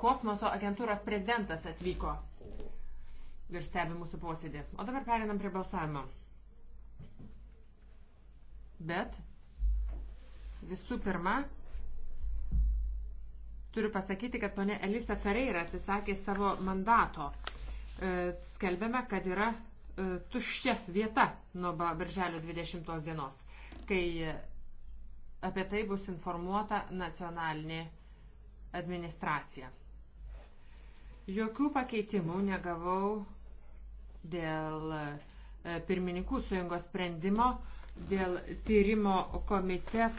kosmoso agentūros prezidentas atvyko ir stebi mūsų posėdį. O dabar perinam prie balsavimo. Bet visų pirma, turiu pasakyti, kad ponė Elisa Ferreira atsisakė savo mandato. E, Skelbėme, kad yra e, tuščia vieta nuo birželio 20 dienos, kai apie tai bus informuota nacionalinė administracija. Jokių pakeitimų negavau dėl e, pirmininkų sujungos sprendimo, dėl tyrimo komiteto.